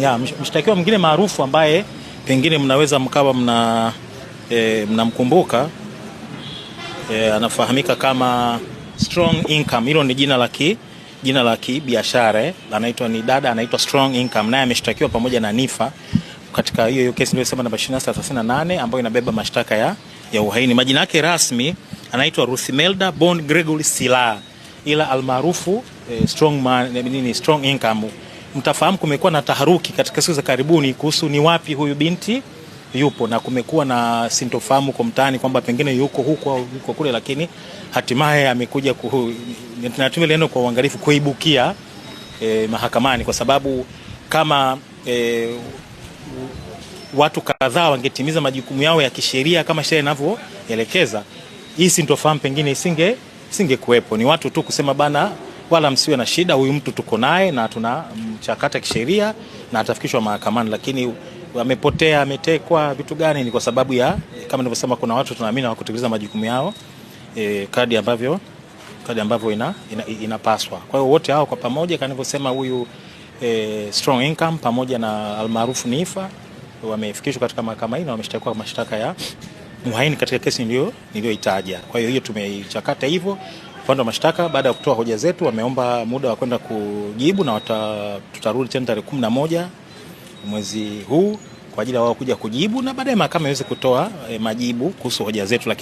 ya mshtakiwa mwingine maarufu ambaye pengine mnaweza mkawa mna e, mnamkumbuka e, anafahamika kama Strong Income. Hilo ni jina la ki jina la kibiashara anaitwa ni dada anaitwa Strong Income, naye ameshtakiwa pamoja na Nifa katika hiyo hiyo kesi iliyosema namba 2938 ambayo inabeba mashtaka ya, ya uhaini. Majina yake rasmi anaitwa Ruthimelda Bon Gregory Sila ila almaarufu eh, strong man, e, nini strong income mtafahamu kumekuwa na taharuki katika siku za karibuni kuhusu ni wapi huyu binti yupo, na kumekuwa na sintofahamu kwa mtaani kwamba pengine yuko huko au yuko kule, lakini hatimaye amekuja, tunatumia neno kwa uangalifu, kuibukia eh, mahakamani kwa sababu kama eh, watu kadhaa wangetimiza majukumu yao ya kisheria kama sheria inavyoelekeza, hii sintofahamu pengine isinge isingekuwepo. Ni watu tu kusema bana wala msiwe na shida, huyu mtu tuko naye na tuna mchakata kisheria na atafikishwa mahakamani. Lakini amepotea, ametekwa, vitu gani? Ni kwa sababu ya kama nilivyosema, kuna watu tunaamini hawakutekeleza majukumu yao e, kadi ambavyo kadi ambavyo ina, ina, ina. Kwa hiyo wote hao kwa pamoja kama nilivyosema, huyu e, Strong Income pamoja na almaarufu Nifa wamefikishwa katika mahakama hii na wameshtakiwa mashtaka ya uhaini katika kesi niliyoitaja. Kwa hiyo hiyo tumeichakata hivyo. Upande wa mashtaka baada ya kutoa hoja zetu wameomba muda wa kwenda kujibu na tutarudi tena tarehe kumi na moja mwezi huu kwa ajili ya wao kuja kujibu na baadaye mahakama iweze kutoa e, majibu kuhusu hoja zetu lakini